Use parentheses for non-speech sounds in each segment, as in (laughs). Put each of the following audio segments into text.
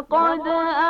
لقد أ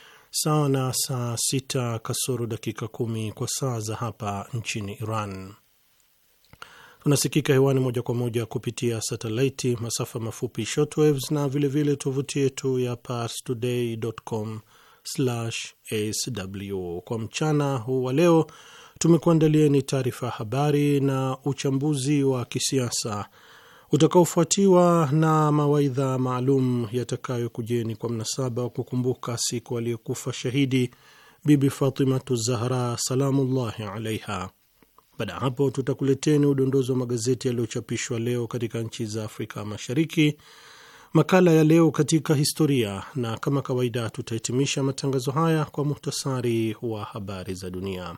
sawa na saa sita kasoro dakika kumi kwa saa za hapa nchini Iran. Tunasikika hewani moja kwa moja kupitia satelaiti, masafa mafupi shortwaves, na vilevile tovuti yetu ya parstoday.com/sw. Kwa mchana huu wa leo tumekuandalieni taarifa ya habari na uchambuzi wa kisiasa utakaofuatiwa na mawaidha maalum yatakayokujeni kwa mnasaba wa kukumbuka siku aliyokufa shahidi Bibi Fatimatu Zahra salamullahi alaiha. Baada ya hapo, tutakuleteni udondozi wa magazeti yaliyochapishwa leo katika nchi za Afrika Mashariki, makala ya leo katika historia, na kama kawaida tutahitimisha matangazo haya kwa muhtasari wa habari za dunia.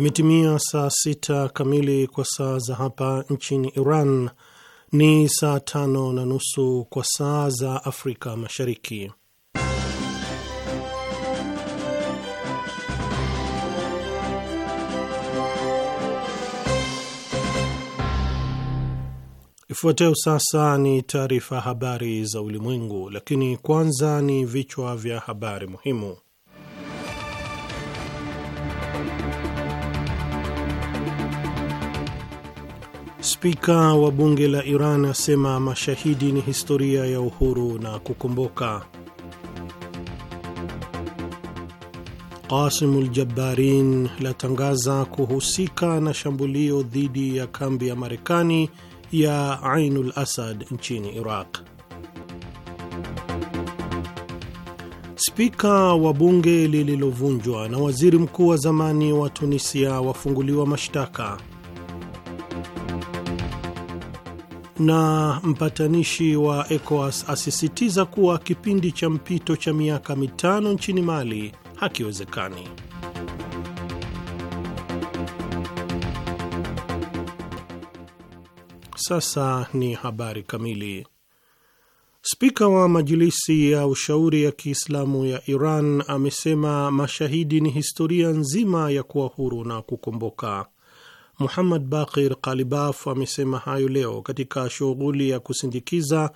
Imetimia saa sita kamili kwa saa za hapa nchini Iran, ni saa tano na nusu kwa saa za Afrika Mashariki. Ifuatayo sasa ni taarifa habari za ulimwengu, lakini kwanza ni vichwa vya habari muhimu. Spika wa bunge la Iran asema mashahidi ni historia ya uhuru na kukomboka. Qasim Jabbarin latangaza kuhusika na shambulio dhidi ya kambi ya Marekani ya Ainul Asad nchini Iraq. Spika wa bunge lililovunjwa na waziri mkuu wa zamani wa Tunisia wafunguliwa mashtaka. na mpatanishi wa ECOWAS asisitiza kuwa kipindi cha mpito cha miaka mitano nchini Mali hakiwezekani. Sasa ni habari kamili. Spika wa Majilisi ya Ushauri ya Kiislamu ya Iran amesema mashahidi ni historia nzima ya kuwa huru na kukomboka. Muhammad Bakir Kalibaf amesema hayo leo katika shughuli ya kusindikiza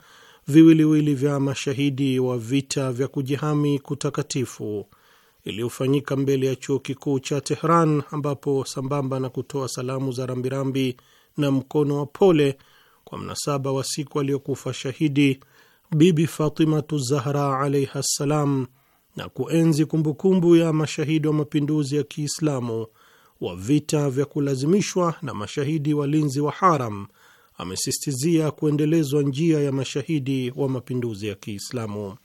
viwiliwili vya mashahidi wa vita vya kujihami kutakatifu iliyofanyika mbele ya chuo kikuu cha Tehran, ambapo sambamba na kutoa salamu za rambirambi na mkono wa pole kwa mnasaba wa siku aliyokufa shahidi Bibi Fatimatu Zahra alaiha ssalam na kuenzi kumbukumbu ya mashahidi wa mapinduzi ya Kiislamu wa vita vya kulazimishwa na mashahidi walinzi wa haram amesistizia kuendelezwa njia ya mashahidi wa mapinduzi ya Kiislamu.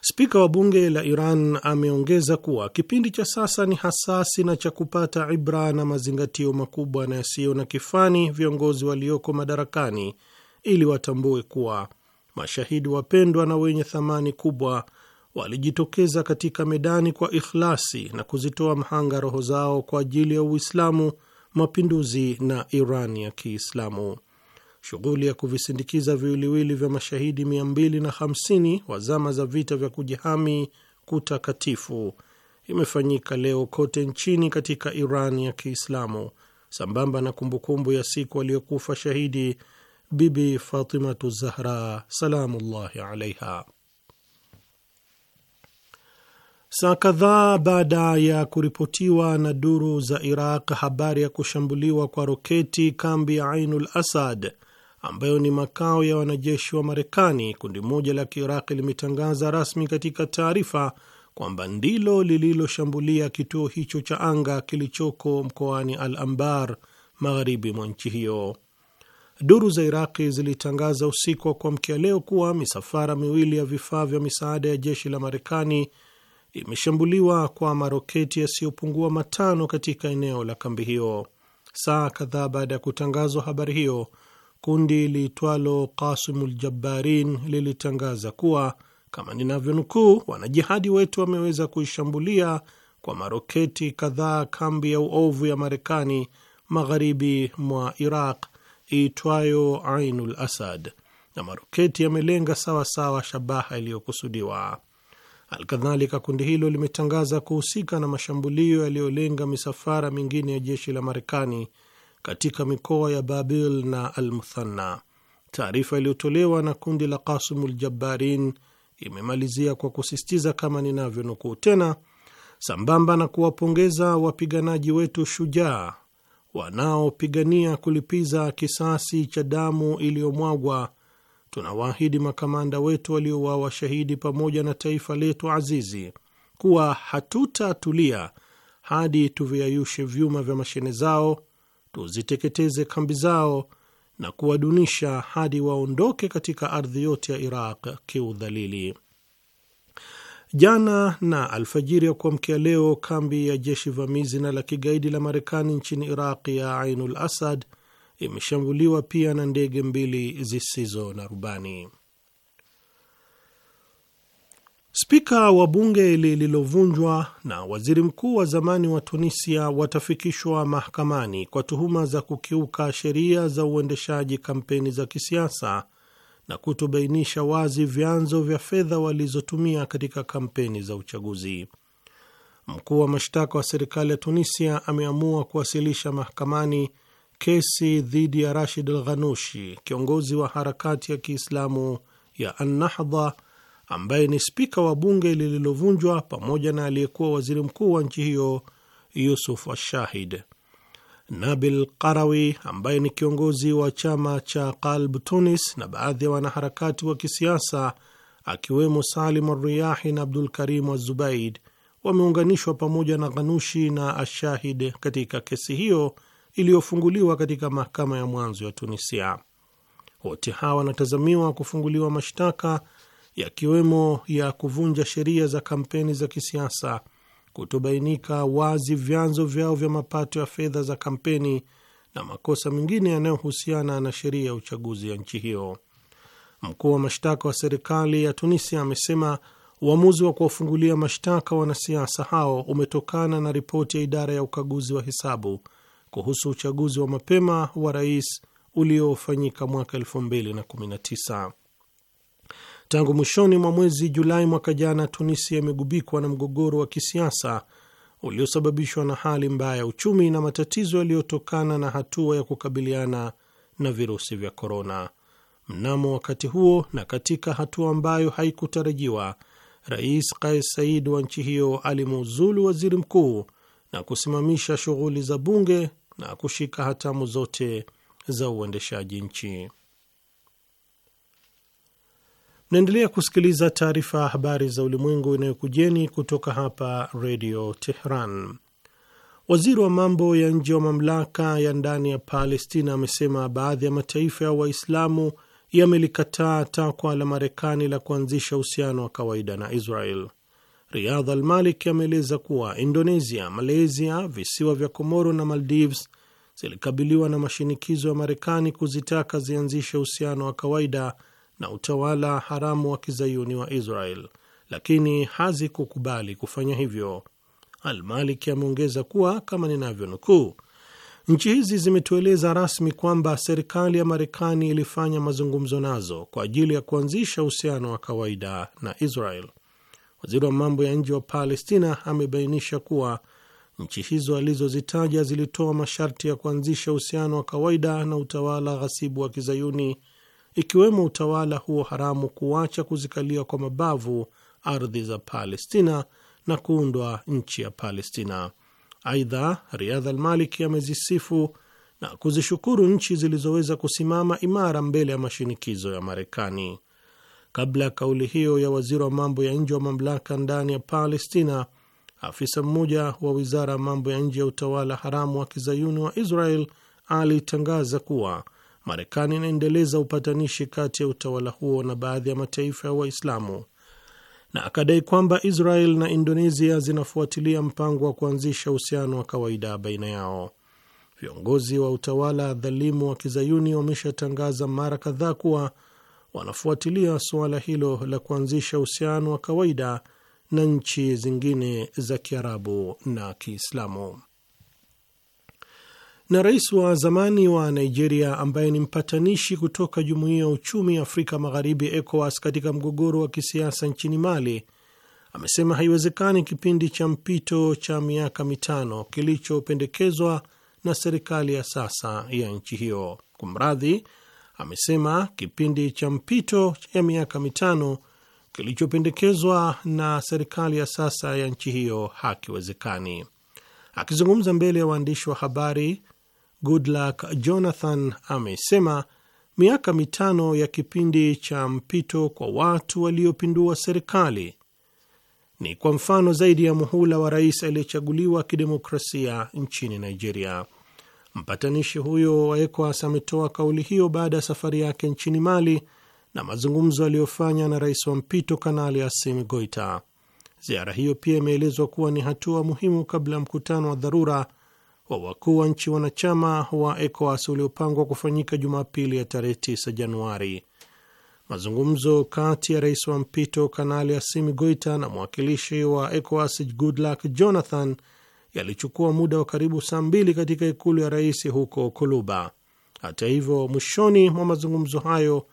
Spika wa bunge la Iran ameongeza kuwa kipindi cha sasa ni hasasi na cha kupata ibra na mazingatio makubwa na yasiyo na kifani viongozi walioko madarakani, ili watambue kuwa mashahidi wapendwa na wenye thamani kubwa walijitokeza katika medani kwa ikhlasi na kuzitoa mhanga roho zao kwa ajili ya Uislamu, mapinduzi na Iran ya Kiislamu. Shughuli ya kuvisindikiza viwiliwili vya mashahidi 250 wa zama za vita vya kujihami kutakatifu imefanyika leo kote nchini katika Iran ya Kiislamu, sambamba na kumbukumbu ya siku aliyokufa shahidi Bibi Fatimatu Zahra salamullahi alaiha. Saa kadhaa baada ya kuripotiwa na duru za Iraq habari ya kushambuliwa kwa roketi kambi ya Ainul Asad ambayo ni makao ya wanajeshi wa Marekani, kundi moja la Kiiraqi limetangaza rasmi katika taarifa kwamba ndilo lililoshambulia kituo hicho cha anga kilichoko mkoani Al Ambar, magharibi mwa nchi hiyo. Duru za Iraqi zilitangaza usiku wa kuamkia leo kuwa misafara miwili ya vifaa vya misaada ya jeshi la Marekani imeshambuliwa kwa maroketi yasiyopungua matano katika eneo la kambi hiyo. Saa kadhaa baada ya kutangazwa habari hiyo, kundi liitwalo Qasimul Jabbarin lilitangaza kuwa kama ninavyonukuu, wanajihadi wetu wameweza kuishambulia kwa maroketi kadhaa kambi ya uovu ya Marekani magharibi mwa Iraq iitwayo Ainul Asad, na maroketi yamelenga sawasawa shabaha iliyokusudiwa. Alkadhalika, kundi hilo limetangaza kuhusika na mashambulio yaliyolenga misafara mingine ya jeshi la Marekani katika mikoa ya Babil na Almuthanna. Taarifa iliyotolewa na kundi la Kasimul Jabbarin imemalizia kwa kusisitiza kama ninavyonukuu tena, sambamba na kuwapongeza wapiganaji wetu shujaa wanaopigania kulipiza kisasi cha damu iliyomwagwa tunawaahidi makamanda wetu waliouawa shahidi pamoja na taifa letu azizi kuwa hatutatulia hadi tuviyayushe vyuma vya mashine zao, tuziteketeze kambi zao na kuwadunisha hadi waondoke katika ardhi yote ya Iraq kiudhalili. Jana na alfajiri ya kuamkia leo, kambi ya jeshi vamizi na la kigaidi la Marekani nchini Iraq ya Ainul Asad imeshambuliwa pia na ndege mbili zisizo na rubani. Spika wa bunge lililovunjwa na waziri mkuu wa zamani wa Tunisia watafikishwa mahakamani kwa tuhuma za kukiuka sheria za uendeshaji kampeni za kisiasa na kutobainisha wazi vyanzo vya fedha walizotumia katika kampeni za uchaguzi. Mkuu wa mashtaka wa serikali ya Tunisia ameamua kuwasilisha mahakamani kesi dhidi ya Rashid al Ghanushi, kiongozi wa harakati ya Kiislamu ya Annahdha ambaye ni spika wa bunge lililovunjwa pamoja na aliyekuwa waziri mkuu wa nchi hiyo Yusuf Ashahid. Nabil Qarawi ambaye ni kiongozi wa chama cha Qalb Tunis na baadhi ya wanaharakati wa kisiasa akiwemo Salim Arriyahi na Abdul Karim Azubaid wameunganishwa pamoja na Ghanushi na Ashahid katika kesi hiyo iliyofunguliwa katika mahakama ya mwanzo ya Tunisia. Wote hawa wanatazamiwa kufunguliwa mashtaka yakiwemo ya kuvunja sheria za kampeni za kisiasa, kutobainika wazi vyanzo vyao vya mapato ya fedha za kampeni na makosa mengine yanayohusiana na sheria ya uchaguzi ya nchi hiyo. Mkuu wa mashtaka wa serikali ya Tunisia amesema uamuzi wa kuwafungulia mashtaka wanasiasa hao umetokana na ripoti ya idara ya ukaguzi wa hesabu kuhusu uchaguzi wa mapema wa rais uliofanyika mwaka 2019. Tangu mwishoni mwa mwezi Julai mwaka jana, Tunisia imegubikwa na mgogoro wa kisiasa uliosababishwa na hali mbaya ya uchumi na matatizo yaliyotokana na hatua ya kukabiliana na virusi vya korona. Mnamo wakati huo na katika hatua ambayo haikutarajiwa, Rais Kais Saied wa nchi hiyo alimuuzulu waziri mkuu na kusimamisha shughuli za bunge na kushika hatamu zote za uendeshaji nchi. Mnaendelea kusikiliza taarifa ya habari za ulimwengu inayokujeni kutoka hapa redio Tehran. Waziri wa mambo ya nje wa mamlaka ya ndani ya Palestina amesema baadhi ya mataifa ya Waislamu yamelikataa takwa la Marekani la kuanzisha uhusiano wa kawaida na Israel riadha Al Malik ameeleza kuwa Indonesia, Malaysia, visiwa vya Komoro na Maldives zilikabiliwa na mashinikizo ya Marekani kuzitaka zianzishe uhusiano wa kawaida na utawala haramu wa kizayuni wa Israel, lakini hazikukubali kufanya hivyo. almalik ameongeza kuwa kama ninavyonukuu, nchi hizi zimetueleza rasmi kwamba serikali ya Marekani ilifanya mazungumzo nazo kwa ajili ya kuanzisha uhusiano wa kawaida na Israel. Waziri wa mambo ya nje wa Palestina amebainisha kuwa nchi hizo alizozitaja zilitoa masharti ya kuanzisha uhusiano wa kawaida na utawala ghasibu wa Kizayuni, ikiwemo utawala huo haramu kuacha kuzikalia kwa mabavu ardhi za Palestina na kuundwa nchi ya Palestina. Aidha, Riyadh al-Maliki amezisifu na kuzishukuru nchi zilizoweza kusimama imara mbele ya mashinikizo ya Marekani. Kabla ya kauli hiyo ya waziri wa mambo ya nje wa mamlaka ndani ya Palestina, afisa mmoja wa wizara ya mambo ya nje ya utawala haramu wa kizayuni wa Israel alitangaza kuwa Marekani inaendeleza upatanishi kati ya utawala huo na baadhi ya mataifa ya wa Waislamu na akadai kwamba Israel na Indonesia zinafuatilia mpango wa kuanzisha uhusiano wa kawaida baina yao. Viongozi wa utawala dhalimu wa kizayuni wameshatangaza mara kadhaa kuwa wanafuatilia suala hilo la kuanzisha uhusiano wa kawaida na nchi zingine za Kiarabu na Kiislamu. Na rais wa zamani wa Nigeria ambaye ni mpatanishi kutoka Jumuiya ya Uchumi ya Afrika Magharibi ECOWAS katika mgogoro wa kisiasa nchini Mali amesema haiwezekani kipindi cha mpito cha miaka mitano kilichopendekezwa na serikali ya sasa ya nchi hiyo. Kumradhi, amesema kipindi cha mpito cha miaka mitano kilichopendekezwa na serikali ya sasa ya nchi hiyo hakiwezekani. Akizungumza mbele ya waandishi wa habari, Goodluck Jonathan amesema miaka mitano ya kipindi cha mpito kwa watu waliopindua serikali ni kwa mfano zaidi ya muhula wa rais aliyechaguliwa kidemokrasia nchini Nigeria. Mpatanishi huyo wa ECOWAS ametoa kauli hiyo baada ya safari yake nchini Mali na mazungumzo aliyofanya na rais wa mpito Kanali Assimi Goita. Ziara hiyo pia imeelezwa kuwa ni hatua muhimu kabla ya mkutano wa dharura wa wakuu wa nchi wanachama wa ECOWAS uliopangwa kufanyika Jumapili ya tarehe 9 Januari. Mazungumzo kati ya rais wa mpito Kanali Assimi Goita na mwakilishi wa ECOWAS Goodluck Jonathan yalichukua muda wa karibu saa mbili katika ikulu ya rais huko Kuluba. Hata hivyo, mwishoni mwa mazungumzo hayo,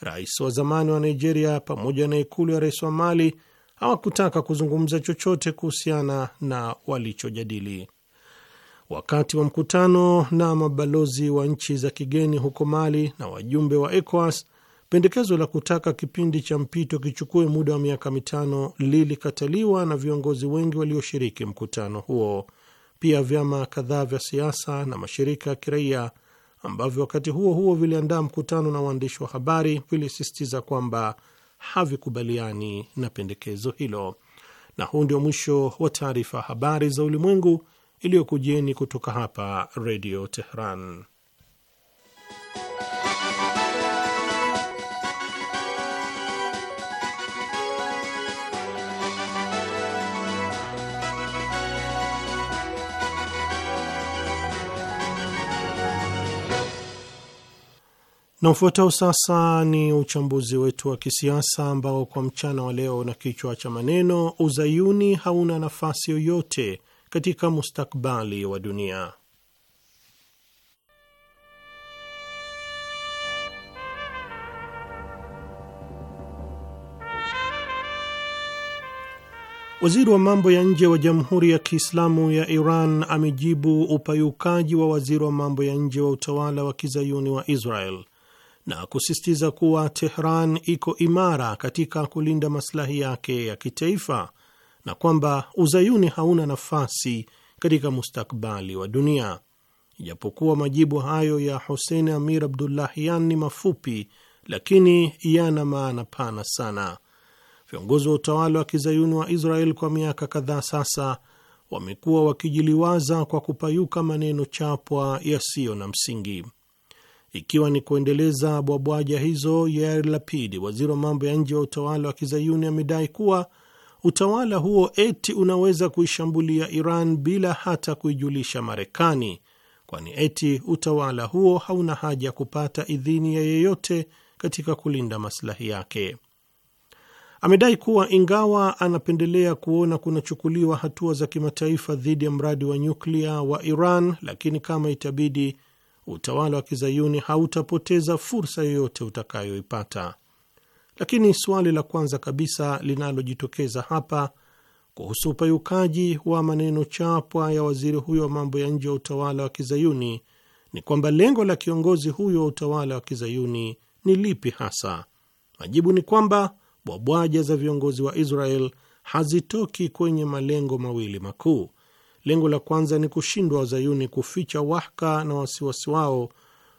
rais wa zamani wa Nigeria pamoja na ikulu ya rais wa Mali hawakutaka kuzungumza chochote kuhusiana na walichojadili. Wakati wa mkutano na mabalozi wa nchi za kigeni huko Mali na wajumbe wa ECOWAS Pendekezo la kutaka kipindi cha mpito kichukue muda wa miaka mitano lilikataliwa na viongozi wengi walioshiriki mkutano huo. Pia vyama kadhaa vya siasa na mashirika ya kiraia ambavyo wakati huo huo viliandaa mkutano na waandishi wa habari vilisisitiza kwamba havikubaliani na pendekezo hilo. Na huu ndio mwisho wa taarifa ya habari za ulimwengu iliyokujieni kutoka hapa Redio Teheran. Na ufuatao sasa ni uchambuzi wetu wa kisiasa ambao kwa mchana wa leo na kichwa cha maneno uzayuni hauna nafasi yoyote katika mustakbali wa dunia. Waziri wa mambo ya nje wa Jamhuri ya Kiislamu ya Iran amejibu upayukaji wa waziri wa mambo ya nje wa utawala wa kizayuni wa Israel na kusisitiza kuwa Tehran iko imara katika kulinda maslahi yake ya kitaifa na kwamba uzayuni hauna nafasi katika mustakbali wa dunia. Ijapokuwa majibu hayo ya Hussein Amir Abdullahian ni mafupi, lakini yana maana pana sana. Viongozi wa utawala wa kizayuni wa Israel kwa miaka kadhaa sasa wamekuwa wakijiliwaza kwa kupayuka maneno chapwa yasiyo na msingi ikiwa ni kuendeleza bwabwaja hizo. Yair Lapid, waziri wa mambo ya nje wa utawala wa kizayuni, amedai kuwa utawala huo eti unaweza kuishambulia Iran bila hata kuijulisha Marekani, kwani eti utawala huo hauna haja ya kupata idhini ya yeyote katika kulinda maslahi yake. Amedai kuwa ingawa anapendelea kuona kunachukuliwa hatua za kimataifa dhidi ya mradi wa nyuklia wa Iran, lakini kama itabidi utawala wa kizayuni hautapoteza fursa yoyote utakayoipata. Lakini swali la kwanza kabisa linalojitokeza hapa kuhusu upayukaji wa maneno chapwa ya waziri huyo wa mambo ya nje wa utawala wa kizayuni ni kwamba lengo la kiongozi huyo wa utawala wa kizayuni ni lipi hasa? Majibu ni kwamba bwabwaja za viongozi wa Israel hazitoki kwenye malengo mawili makuu Lengo la kwanza ni kushindwa wazayuni kuficha wahaka na wasiwasi wao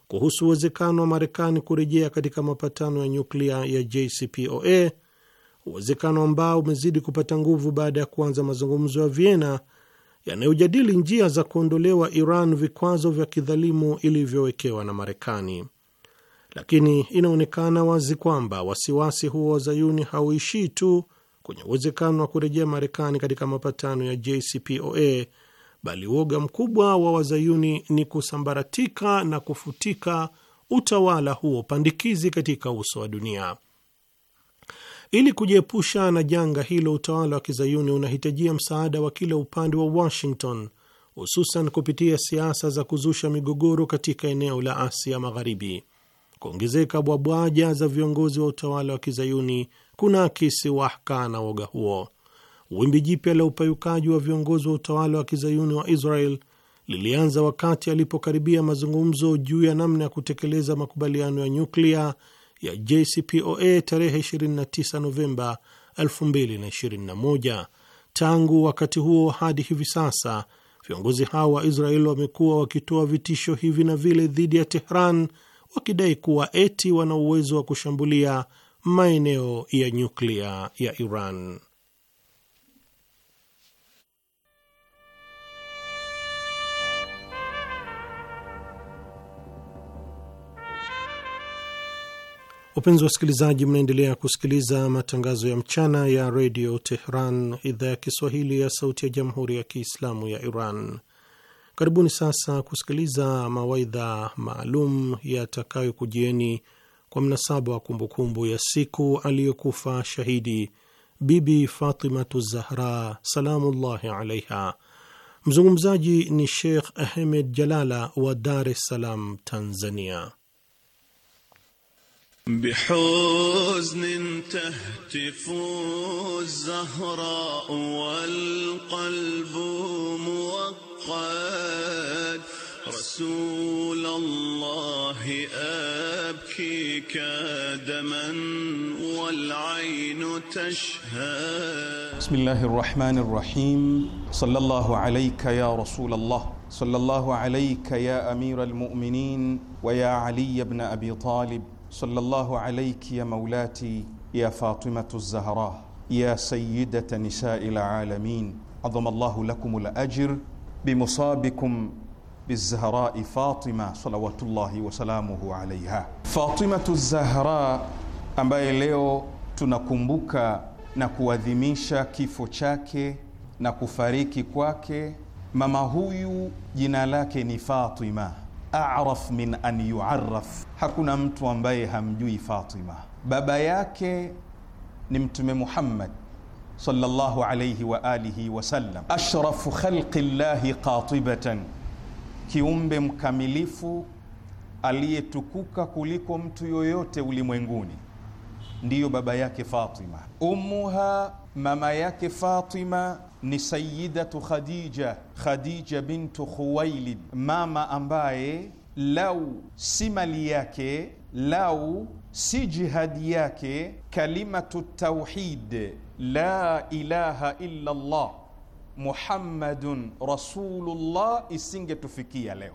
kuhusu uwezekano wa Marekani kurejea katika mapatano ya nyuklia ya JCPOA, uwezekano ambao umezidi kupata nguvu baada ya kuanza mazungumzo ya Vienna yanayojadili njia za kuondolewa Iran vikwazo vya kidhalimu ilivyowekewa na Marekani. Lakini inaonekana wazi kwamba wasiwasi huo wa zayuni hauishii tu kwenye uwezekano wa kurejea Marekani katika mapatano ya JCPOA, bali uoga mkubwa wa wazayuni ni kusambaratika na kufutika utawala huo pandikizi katika uso wa dunia. Ili kujiepusha na janga hilo, utawala wa kizayuni unahitajia msaada wa kila upande wa Washington, hususan kupitia siasa za kuzusha migogoro katika eneo la Asia Magharibi. Kuongezeka bwabwaja za viongozi wa utawala wa kizayuni kuna wahka na woga huo. Wimbi jipya la upayukaji wa viongozi wa utawala wa kizayuni wa Israel lilianza wakati alipokaribia mazungumzo juu ya namna ya kutekeleza makubaliano ya nyuklia ya JCPOA tarehe 29 Novemba 2021. Tangu wakati huo hadi hivi sasa viongozi hao wa Israel wamekuwa wakitoa vitisho hivi na vile dhidi ya Tehran, wakidai kuwa eti wana uwezo wa kushambulia maeneo ya nyuklia ya Iran. Wapenzi wasikilizaji, mnaendelea kusikiliza matangazo ya mchana ya redio Tehran, idhaa ya Kiswahili ya sauti ya jamhuri ya Kiislamu ya Iran. Karibuni sasa kusikiliza mawaidha maalum yatakayokujieni kwa mnasaba wa kumbukumbu ya siku aliyokufa shahidi Bibi Fatimatu Zahra salamullahi alaiha. Mzungumzaji ni Sheikh Ahmed Jalala wa Dar es Salaam, Tanzania. بحزن تهتف الزهراء والقلب موقد رسول الله أبكيك دما والعين تشهى بسم الله الرحمن الرحيم صلى الله عليك يا رسول الله صلى الله عليك يا أمير المؤمنين ويا علي بن أبي طالب صلى الله عليك يا مولاتي يا فاطمة الزهراء يا سيدة نساء العالمين عظم الله لكم الأجر بمصابكم bizahrai Fatima salawatullahi wasalamuhu alaiha. Fatimatu Zahra ambaye leo tunakumbuka na kuadhimisha kifo chake na kufariki kwake. Mama huyu jina lake ni Fatima, araf min an yuaraf, hakuna mtu ambaye hamjui Fatima. Baba yake ni Mtume Muhammad sallallahu alayhi wa alihi wasallam, ashrafu khalqi llahi qatibatan kiumbe mkamilifu aliyetukuka kuliko mtu yoyote ulimwenguni, ndiyo baba yake Fatima. Ummuha, mama yake Fatima ni Sayidatu Khadija, Khadija bintu Khuwailid, mama ambaye lau si mali yake, lau si jihadi yake, kalimatu tauhid la ilaha illa Allah Muhammadun Rasulullah isingetufikia leo.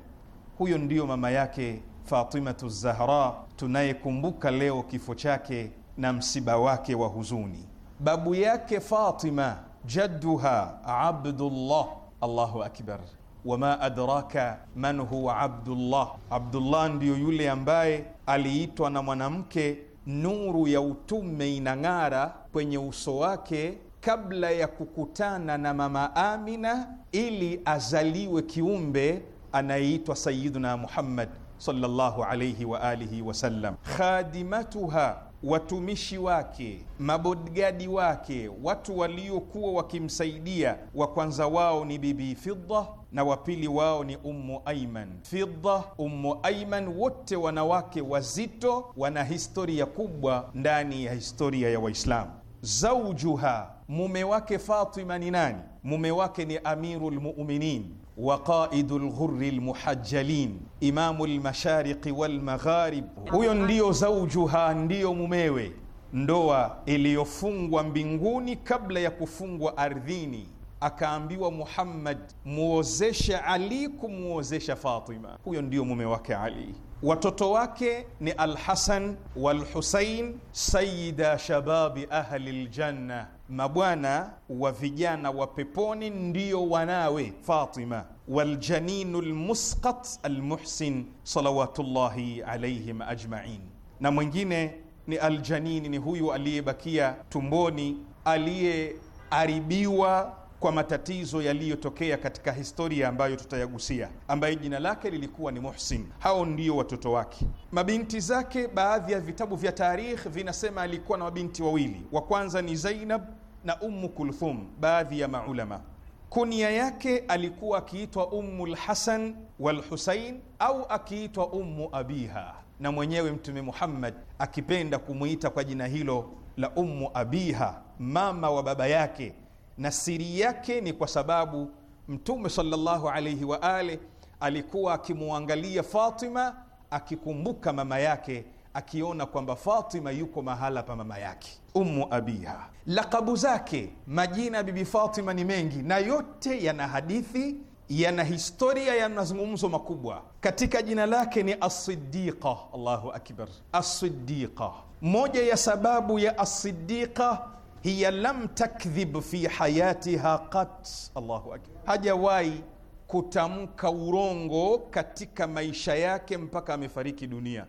Huyo ndiyo mama yake Fatimatu Zahra tunayekumbuka leo kifo chake na msiba wake wa huzuni. Babu yake Fatima jadduha Abdullah. Allahu akbar! Wama adraka man huwa Abdullah. Abdullah ndiyo yule ambaye aliitwa na mwanamke, nuru ya utume inang'ara kwenye uso wake kabla ya kukutana na mama Amina ili azaliwe kiumbe anayeitwa Sayyiduna Muhammad sallallahu alayhi wa alihi sallam. Khadimatuha, watumishi wake, mabodgadi wake, watu waliokuwa wakimsaidia, wa kwanza wao ni Bibi Fidda na wa pili wao ni Ummu Aiman. Fidda, Ummu Aiman, wote wanawake wazito, wana historia kubwa ndani ya historia ya Waislamu. Zaujuha mume wake Fatima ni nani? Mume wake ni amiru lmuminin wa qaidul ghurril muhajjalin imamu lmashariqi walmagharib huyo ndiyo zaujuha, ndiyo mumewe, ndoa iliyofungwa mbinguni kabla ya kufungwa ardhini. Akaambiwa Muhammad, muozeshe Ali kumuozesha Fatima. Huyo ndiyo mume wake Ali. Watoto wake ni Alhasan walhusain sayida shababi ahli ljanna mabwana wa vijana wa peponi ndiyo wanawe Fatima waljaninu lmusqat almuhsin salawatullahi alaihim ajmain. Na mwingine ni aljanini, ni huyu aliyebakia tumboni, aliyearibiwa kwa matatizo yaliyotokea katika historia ambayo tutayagusia, ambaye jina lake lilikuwa ni Muhsin. Hao ndio watoto wake, mabinti zake. Baadhi ya vitabu vya tarikh vinasema alikuwa na mabinti wawili, wa kwanza ni Zainab na Ummu Kulthum. Baadhi ya maulama kunia yake alikuwa akiitwa Ummu lhasan walhusain au akiitwa Ummu abiha, na mwenyewe Mtume Muhammad akipenda kumwita kwa jina hilo la Ummu abiha, mama wa baba yake na siri yake ni kwa sababu Mtume sallallahu alaihi wa ali alikuwa akimwangalia Fatima akikumbuka mama yake, akiona kwamba Fatima yuko mahala pa mama yake Ummu Abiha. Lakabu zake, majina ya Bibi Fatima ni mengi, na yote yana hadithi, yana historia ya mazungumzo makubwa. Katika jina lake ni Asidiqa. Allahu akbar, Asidiqa. Moja ya sababu ya Asidiqa hiya lam takdhib fi hayatiha qat. Allahu akbar, hajawahi kutamka urongo katika maisha yake mpaka amefariki dunia.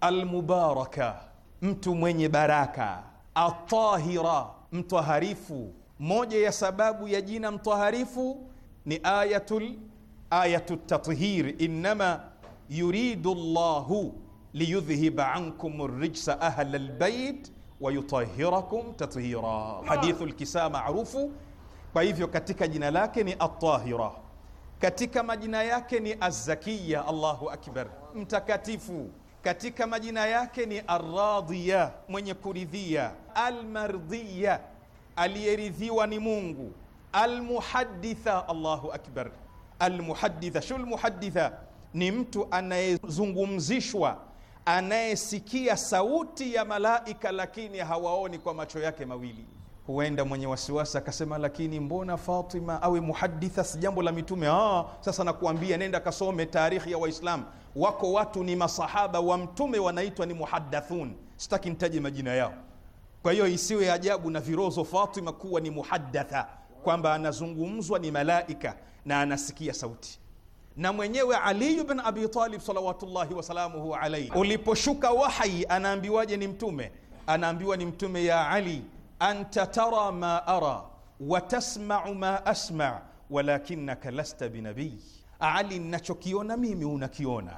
Almubaraka, mtu mwenye baraka. Atahira, mtwaharifu. Moja ya sababu ya jina mtwaharifu ni ayatul ayatu tathir, innama yuridu llahu liyudhhiba ankum rijsa ahla lbait wayutahhirakum tathira. Hadithu lkisaa maarufu. Kwa hivyo katika jina lake ni Atahira, katika majina yake ni Azakiya. Allahu akbar, mtakatifu. Katika majina yake ni Arradhiya, mwenye kuridhia. Almardhiya, aliyeridhiwa ni Mungu. Almuhaditha, Allahu akbar, almuhaditha. Shul muhaditha ni mtu anayezungumzishwa anayesikia sauti ya malaika lakini hawaoni kwa macho yake mawili. Huenda mwenye wasiwasi akasema, lakini mbona Fatima awe muhaditha, si jambo la mitume? Ah, sasa nakuambia, nenda kasome taarikhi ya Waislamu. Wako watu ni masahaba wa mtume wanaitwa ni muhaddathun, sitaki nitaje majina yao. Kwa hiyo isiwe ajabu na virozo Fatima kuwa ni muhaddatha, kwamba anazungumzwa ni malaika na anasikia sauti na mwenyewe Ali bin Abi Talib salawatullahi wasalamuhu alaihi, uliposhuka wahai anaambiwaje? Ni mtume anaambiwa ni mtume, ya Ali, anta tara ma ara wa tasmau ma asma walakinaka lasta binabii. Ali, nachokiona mimi unakiona,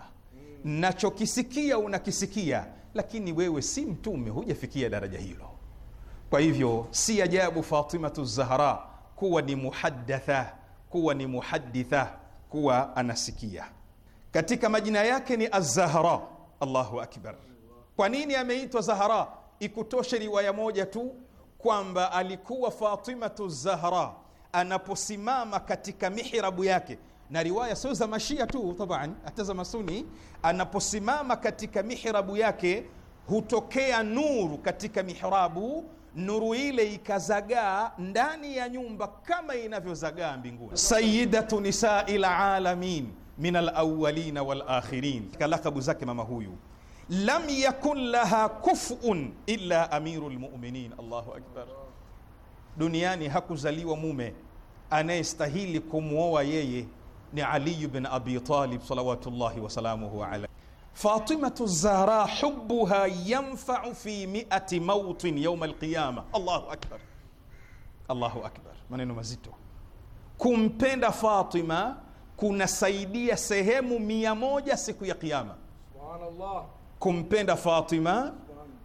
nachokisikia unakisikia, lakini wewe si mtume, hujafikia daraja hilo. Kwa hivyo si ajabu Fatimatu Zahra kuwa ni muhaddatha, kuwa ni muhaditha kuwa anasikia. Katika majina yake ni Az-Zahra. Allahu akbar! Kwa nini ameitwa Zahra? Ikutoshe riwaya moja tu kwamba alikuwa Fatimatu Zahra anaposimama katika mihrabu yake, na riwaya sio za mashia tu taban, hata za masuni. Anaposimama katika mihrabu yake hutokea nuru katika mihrabu nuru ile ikazagaa ndani ya nyumba kama inavyozagaa mbinguni. Sayidatu nisai lalamin min alawalina walakhirin, lakabu zake mama huyu lam yakun laha kufun illa amiru lmuminin. Allahu akbar! Duniani hakuzaliwa mume anayestahili kumwoa yeye ni Aliyu bin Abi Talib salawatullahi wasalamuhu alaihi. Fatimatu Zahra hubuha yanfau fi miati mautin yauma alqiyama. Allahu akbar, Allahu akbar, maneno mazito. Kumpenda Fatima kunasaidia sehemu mia moja siku ya Kiyama. Subhanallah, kumpenda Fatima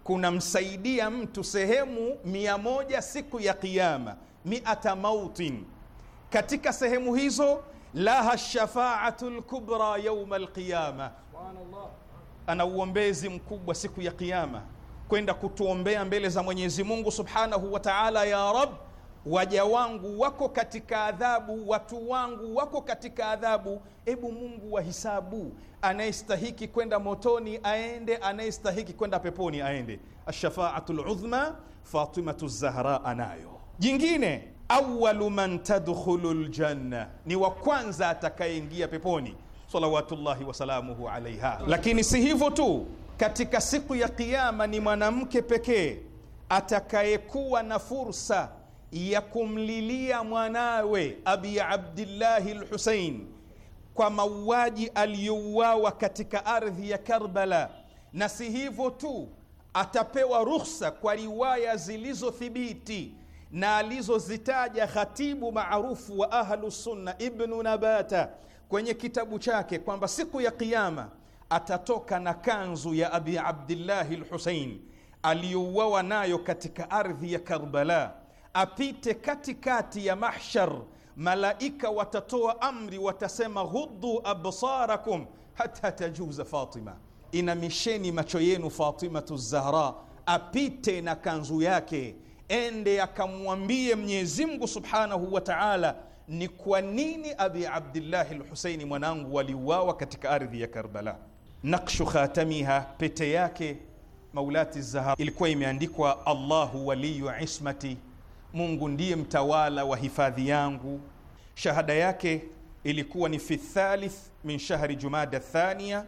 kunamsaidia mtu sehemu mia moja siku ya Kiyama, miata mautin. Katika sehemu hizo laha shafaatu lkubra yauma alqiyama ana uombezi mkubwa siku ya Kiyama, kwenda kutuombea mbele za Mwenyezi Mungu subhanahu wa taala. Ya Rab, waja wangu wako katika adhabu, watu wangu wako katika adhabu, ebu Mungu wahisabu. Anayestahiki kwenda motoni aende, anayestahiki kwenda peponi aende. Ashafa'atu ludhma Fatimatu Zahra anayo jingine. Awalu man tadkhulu ljanna, ni wa kwanza atakayeingia peponi salawatullahi wasalamuhu alaiha. Lakini si hivyo tu, katika siku ya Kiyama ni mwanamke pekee atakayekuwa na fursa ya kumlilia mwanawe Abi Abdillahi Lhusein kwa mauaji aliyouawa katika ardhi ya Karbala. Na si hivyo tu, atapewa ruhusa kwa riwaya zilizothibiti na alizozitaja khatibu maarufu wa Ahlu Sunna Ibnu Nabata kwenye kitabu chake kwamba siku ya Kiyama atatoka na kanzu ya Abi Abdillahi Lhusein aliyouawa nayo katika ardhi ya Karbala, apite katikati ya mahshar. Malaika watatoa amri, watasema ghuddu absarakum hata tajuza Fatima, inamisheni macho yenu Fatimatu Zahra apite na kanzu yake, ende akamwambie Mwenyezi Mungu subhanahu wa taala ni kwa nini Abi Abdillahi Lhuseini mwanangu waliuawa katika ardhi ya Karbala. Nakshu khatamiha, pete yake Maulati Zahab ilikuwa imeandikwa Allahu waliyu ismati, Mungu ndiye mtawala wa hifadhi yangu. Shahada yake ilikuwa ni fi thalith min shahri Jumada Thania,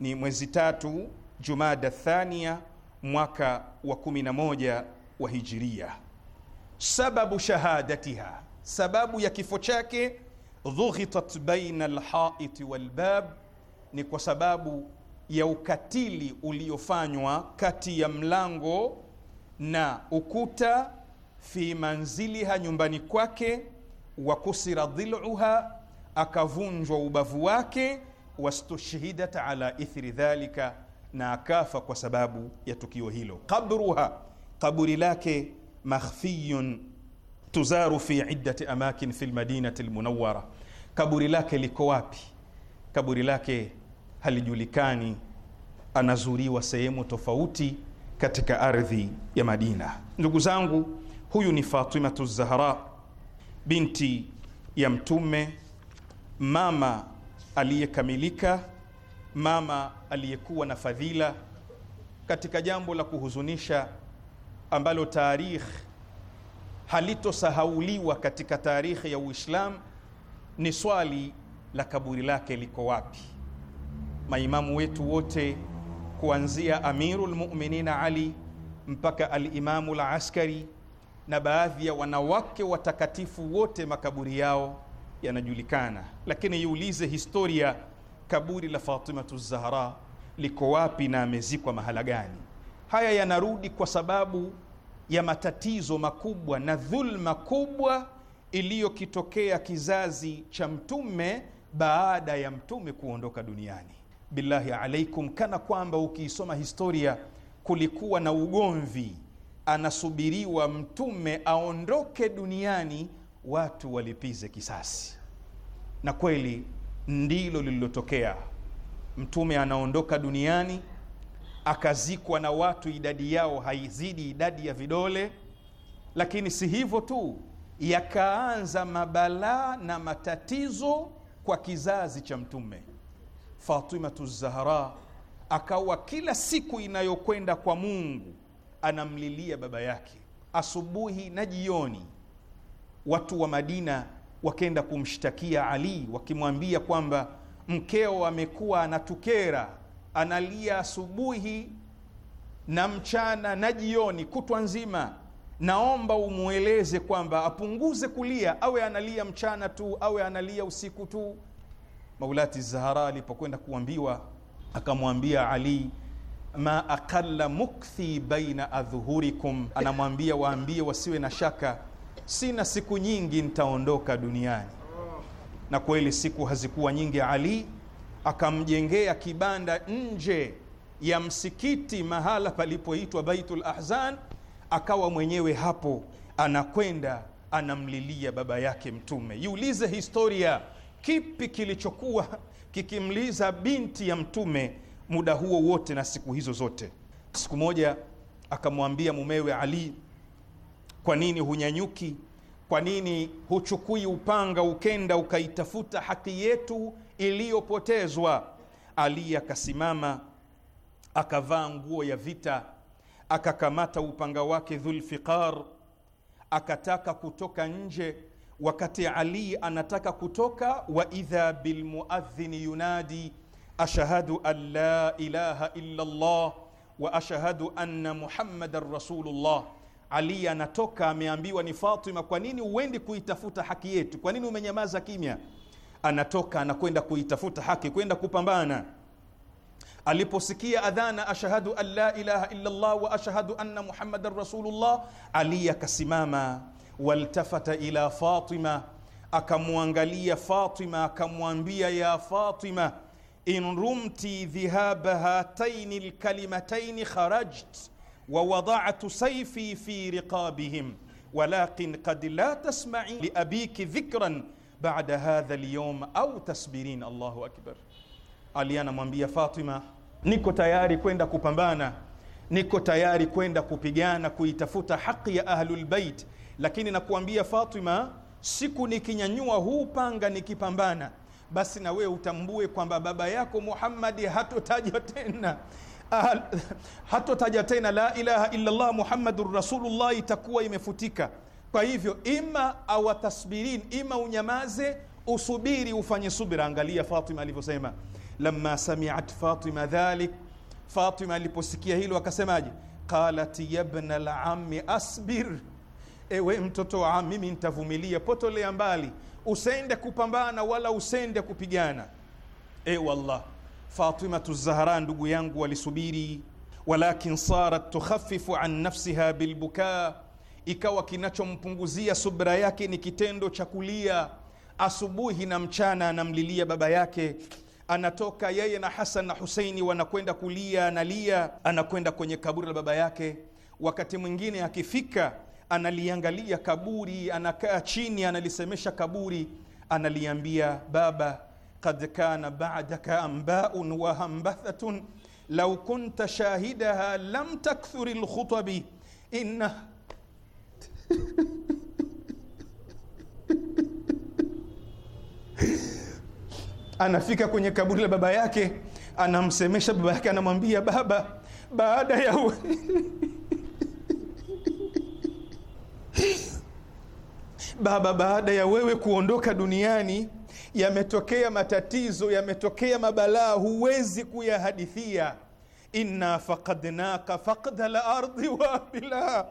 ni mwezi tatu Jumada Thania mwaka wa 11 wa Hijiria. Sababu shahadatiha sababu ya kifo chake dhughitat baina alhaiti walbab, ni kwa sababu ya ukatili uliofanywa kati ya mlango na ukuta, fi manziliha, nyumbani kwake, wa kusira dhiluha, akavunjwa ubavu wake, wastushhidat ala ithri dhalika, na akafa kwa sababu ya tukio hilo. Qabruha, kaburi lake, makhfiyun tuzaru fi iddati amakin fi lmadinati lmunawara. Kaburi lake liko wapi? Kaburi lake halijulikani, anazuriwa sehemu tofauti katika ardhi ya Madina. Ndugu zangu, huyu ni Fatimatu Zahra binti ya Mtume, mama aliyekamilika, mama aliyekuwa na fadhila. Katika jambo la kuhuzunisha ambalo tarikh halitosahauliwa katika taarikhi ya Uislamu ni swali la kaburi lake liko wapi. Maimamu wetu wote kuanzia Amirul Mu'minin Ali mpaka Alimamu Laskari na baadhi ya wanawake watakatifu wote makaburi yao yanajulikana, lakini iulize historia, kaburi la Fatimatu Zahra liko wapi na amezikwa mahala gani? Haya yanarudi kwa sababu ya matatizo makubwa na dhulma kubwa iliyokitokea kizazi cha Mtume baada ya Mtume kuondoka duniani. Billahi alaikum, kana kwamba ukiisoma historia kulikuwa na ugomvi, anasubiriwa Mtume aondoke duniani watu walipize kisasi, na kweli ndilo lililotokea. Mtume anaondoka duniani akazikwa na watu idadi yao haizidi idadi ya vidole. Lakini si hivyo tu, yakaanza mabalaa na matatizo kwa kizazi cha Mtume. Fatimatu Zahra akawa kila siku inayokwenda kwa Mungu anamlilia baba yake asubuhi na jioni. Watu wa Madina wakenda kumshtakia Ali wakimwambia kwamba mkeo amekuwa anatukera analia asubuhi na mchana na jioni, kutwa nzima. Naomba umweleze kwamba apunguze kulia, awe analia mchana tu, awe analia usiku tu. Maulati Zahara alipokwenda kuambiwa, akamwambia Ali, ma akalla mukthi baina adhuhurikum, anamwambia waambie wasiwe na shaka, sina siku nyingi nitaondoka duniani. Na kweli siku hazikuwa nyingi, Ali akamjengea kibanda nje ya msikiti mahala palipoitwa Baitul Ahzan, akawa mwenyewe hapo anakwenda anamlilia baba yake Mtume. Iulize historia, kipi kilichokuwa kikimliza binti ya Mtume muda huo wote na siku hizo zote? Siku moja akamwambia mumewe Ali, kwa nini hunyanyuki? Kwa nini huchukui upanga ukenda ukaitafuta haki yetu iliyopotezwa. Ali akasimama akavaa nguo ya vita, akakamata upanga wake Dhulfiqar, akataka kutoka nje. Wakati Ali anataka kutoka, wa idha bilmuadhini yunadi ashhadu an la ilaha illa Allah wa ashhadu anna muhammadan rasulullah. Ali anatoka, ameambiwa ni Fatima, kwa nini uendi kuitafuta haki yetu? Kwa nini umenyamaza kimya? anatoka anakwenda kuitafuta haki kwenda kupambana aliposikia adhana ashhadu an la ilaha illa llah wa ashhadu anna muhammadan rasulullah ali akasimama waltafata ila fatima akamwangalia fatima akamwambia ya fatima in rumti dhihaba hataini lkalimataini kharajt ووضعت سيفي في رقابهم ولكن قد لا تسمعي لأبيك ذكرا baada hadha alyawm au tasbirin. Allahu akbar. Ali anamwambia Fatima, niko tayari kwenda kupambana, niko tayari kwenda kupigana kuitafuta haki ya ahlul lakini nakuambia Fatima, siku nikinyanyua huu panga nikipambana, basi na wewe utambue kwamba baba yako Muhammadi hatotajwa tena hatotaja tena la ilaha illallah Allah muhammadun rasulullah, itakuwa imefutika. Kwa hivyo ima awatasbirin, ima unyamaze, usubiri, ufanye subira. Angalia Fatima alivyosema, lamma samiat Fatima dhalik, Fatima aliposikia hilo akasemaje? Qalat yabna al-ammi asbir, ewe mtoto wa mimi nitavumilia, potolea mbali, usende kupambana wala usende kupigana. E wallah, Fatimatu Zahra ndugu yangu walisubiri, walakin sarat tukhaffifu an nafsiha bilbukaa ikawa kinachompunguzia subra yake ni kitendo cha kulia asubuhi na mchana, anamlilia baba yake. Anatoka yeye na Hasan na Huseini wanakwenda kulia, analia, anakwenda kwenye kaburi la baba yake. Wakati mwingine akifika, analiangalia kaburi, anakaa chini, analisemesha kaburi, analiambia baba, kad kana badaka ambaun wa hambathatun lau kunta shahidaha lam takthuri lkhutabi inna (laughs) anafika kwenye kaburi la baba yake, anamsemesha baba yake, anamwambia baba, baada ya we... (laughs) baba, baada ya wewe kuondoka duniani yametokea matatizo, yametokea mabalaa, huwezi kuyahadithia inna faqadnaka faqda la ardhi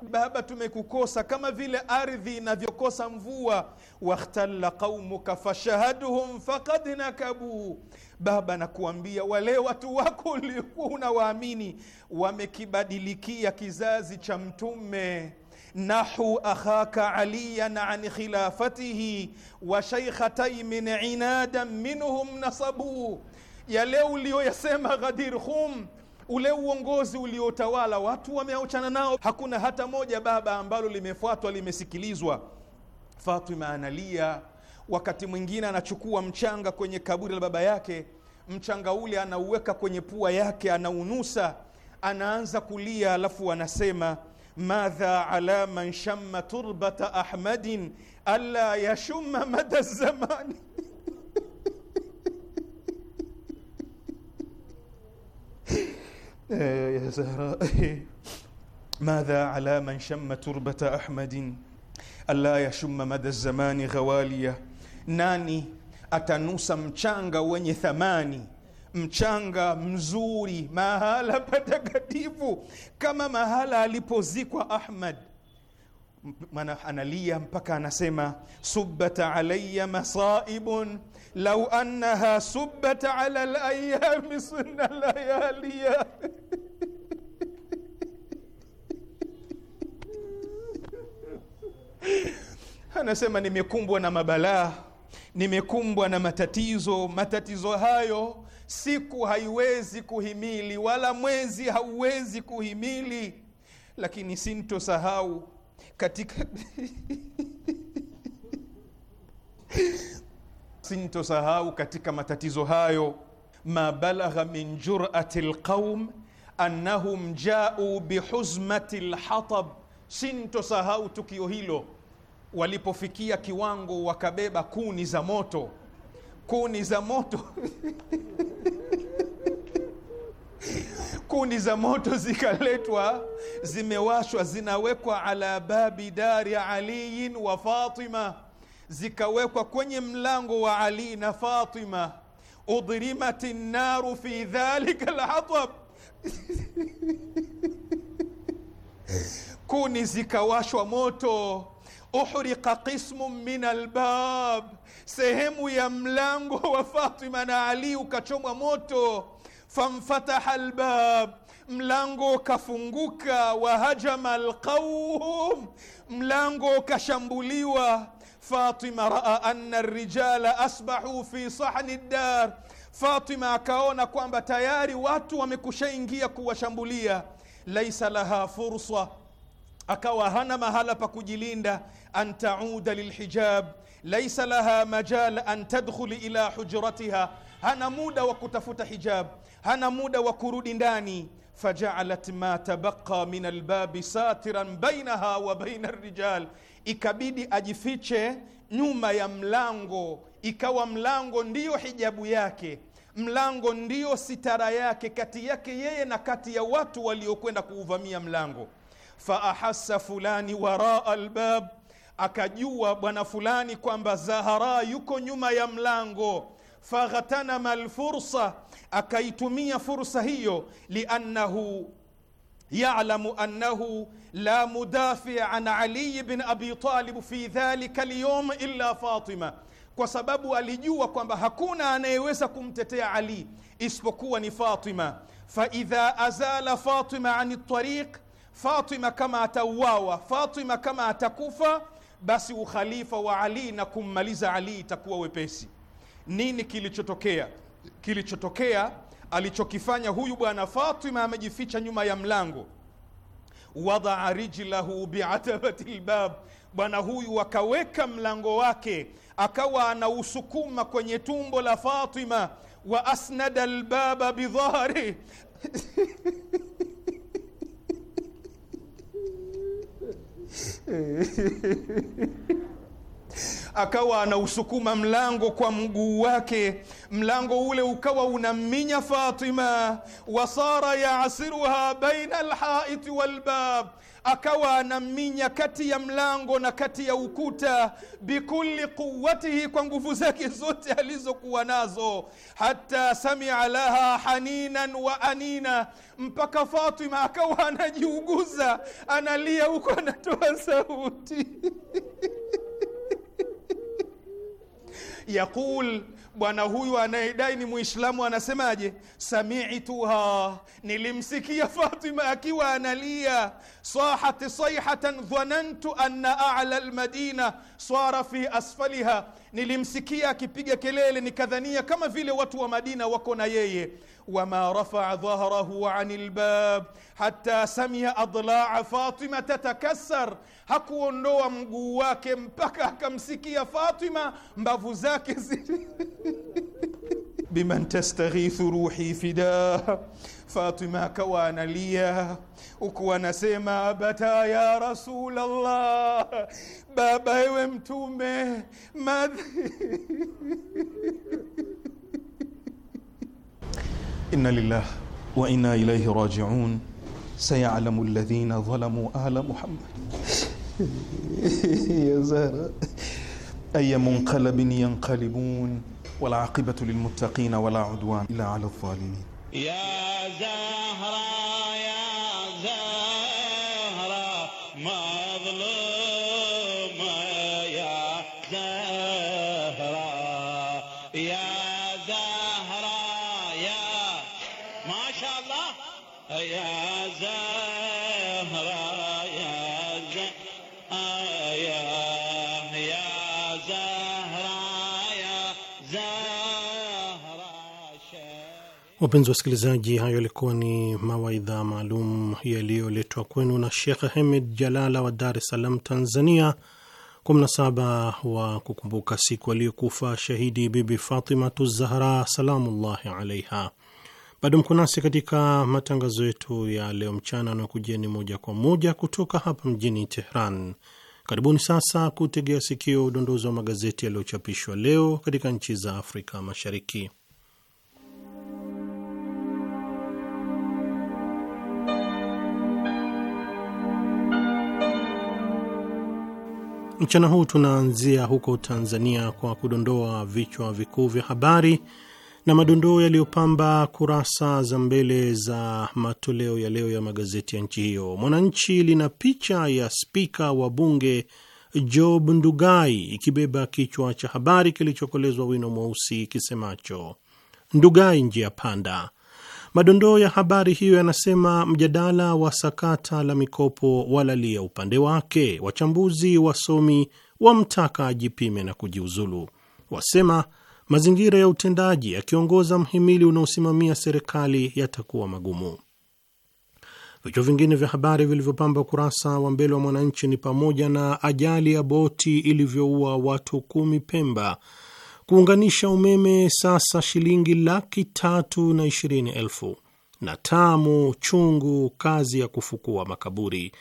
Baba, tumekukosa kama vile ardhi inavyokosa mvua. Wakhtalla qaumuka fashahaduhum faqad nakabu, Baba, nakuambia wale watu wako uliokuwa unawaamini wamekibadilikia kizazi cha Mtume nahu akhaka aliyan an khilafatihi wa shaykhatai min inadan minhum nasabu, yale uliyoyasema Ghadir Khum ule uongozi uliotawala watu wameachana nao, hakuna hata moja baba ambalo limefuatwa limesikilizwa. Fatima analia, wakati mwingine anachukua mchanga kwenye kaburi la baba yake, mchanga ule anauweka kwenye pua yake, anaunusa, anaanza kulia, alafu anasema madha ala man shamma turbata ahmadin alla yashumma mada zamani (laughs) إيه يا زهراء (laughs) ماذا على من شم تربة أحمد ألا يشم مدى الزمان غواليا ناني أتنوس مشانغا وني ثماني مشانغا مزوري ما هالا بتكتيفو كما ما هالا لبوزيكو أحمد أنا ليا مبكى أنا سما صبت علي مصائب lau annaha subbat ala layami sunna layalia anasema nimekumbwa na mabalaa, nimekumbwa na matatizo. Matatizo hayo siku haiwezi kuhimili wala mwezi hauwezi kuhimili, lakini sintosahau katika (laughs) sintosahau katika matatizo hayo, ma balagha min jurati lqaum annahum jau bihuzmati lhatab, sintosahau tukio hilo walipofikia kiwango wakabeba kuni za moto, kuni za moto (laughs) kuni za moto zikaletwa, zimewashwa, zinawekwa ala babi dari aliyin wa Fatima zikawekwa kwenye mlango wa Ali na Fatima. udrimat naru fi dhalika lhatab (laughs) kuni zikawashwa moto. uhriqa qismu min albab, sehemu ya mlango wa Fatima na Ali ukachomwa moto. famfataha albab mlango ukafunguka. wahajama alqaum, mlango ukashambuliwa Fatima raa anna rijala asbahu fi sahni ddar, Fatima akaona kwamba tayari watu wamekushaingia kuwashambulia. Laisa laha fursa, akawa hana mahala pa kujilinda. An tauda lilhijab, laisa laha majal an tadkhuli ila hujratiha, hana muda wa kutafuta hijab, hana muda wa kurudi ndani fajalat ma tabaqa min albabi satiran bainaha wa baina rijal ikabidi ajifiche nyuma ya mlango, ikawa mlango ndiyo hijabu yake, mlango ndiyo sitara yake, kati yake yeye na kati ya watu waliokwenda kuuvamia mlango. Faahasa fulani waraa albab, akajua bwana fulani kwamba Zahara yuko nyuma ya mlango faghtanama lfursa, akaitumia fursa hiyo liannahu yalamu annahu la mudafi an Ali bin Abi Talib fi dhalika alyawm illa Fatima, kwa sababu alijua kwamba hakuna anayeweza kumtetea Ali isipokuwa ni Fatima. Fa idha azala Fatima ani tariq, Fatima kama atauawa, Fatima kama atakufa, basi ukhalifa wa Ali na kummaliza Ali itakuwa wepesi. Nini kilichotokea? Kilichotokea alichokifanya huyu bwana Fatima amejificha nyuma ya mlango. Wadaa rijlahu biatabati lbab, bwana huyu akaweka mlango wake akawa anausukuma kwenye tumbo la Fatima. Wa asnada lbaba bidhahri (laughs) akawa anausukuma mlango kwa mguu wake, mlango ule ukawa unamminya Fatima, wasara yaasiruha baina alhaiti walbab akawa anamminya kati ya mlango na kati ya ukuta, bikulli quwatihi, kwa nguvu zake zote alizokuwa nazo. Hatta samia laha haninan wa anina, mpaka Fatima akawa anajiuguza, analia huko, anatoa sauti (laughs) Yaqul, bwana huyu anayedai ni Muislamu anasemaje? Sami'tuha, nilimsikia Fatima akiwa analia. sahat sayhatan dhanantu anna a'la almadina sara fi asfaliha, nilimsikia akipiga kelele nikadhania kama vile watu wa Madina wako na yeye وما رفع ظهره عن الباب حتى سمع اضلاع فاطمه تتكسر هكو نوم جواكم بكى كمسكي سكي فاطمه مبفوزاك بمن تستغيث روحي فداه فاطمه كوانا ليا وكوانا سيما بتا يا رسول الله بابا يومتومي ماذا إنا لله وإنا إليه راجعون سيعلم الذين ظلموا آل محمد (laughs) يا زهرة أي منقلب ينقلبون والعاقبة للمتقين ولا عدوان إلا على الظالمين يا زهرة يا زهرة ما Wapenzi wasikilizaji, hayo yalikuwa ni mawaidha maalum yaliyoletwa kwenu na Shekh Hemed Jalala wa Dar es Salaam, Tanzania, kwa mnasaba wa kukumbuka siku aliyokufa shahidi Bibi Fatimatu Zahra salamullahi alaiha. Bado mko nasi katika matangazo yetu ya leo mchana na kujeni moja kwa moja kutoka hapa mjini Tehran. Karibuni sasa kutegea sikio udondozi wa magazeti yaliyochapishwa leo katika nchi za Afrika Mashariki. Mchana huu tunaanzia huko Tanzania kwa kudondoa vichwa vikuu vya habari na madondoo yaliyopamba kurasa za mbele za matoleo ya leo ya magazeti ya nchi hiyo. Mwananchi lina picha ya spika wa bunge Job Ndugai ikibeba kichwa cha habari kilichokolezwa wino mweusi kisemacho Ndugai njia panda, Madondoo ya habari hiyo yanasema mjadala wa sakata la mikopo walalia upande wake, wachambuzi wasomi wamtaka ajipime na kujiuzulu, wasema mazingira ya utendaji yakiongoza mhimili unaosimamia serikali yatakuwa magumu. Vichwa vingine vya habari vilivyopamba ukurasa wa mbele wa Mwananchi ni pamoja na ajali ya boti ilivyoua watu kumi Pemba, kuunganisha umeme sasa shilingi laki tatu na ishirini elfu na tamu chungu kazi ya kufukua makaburi.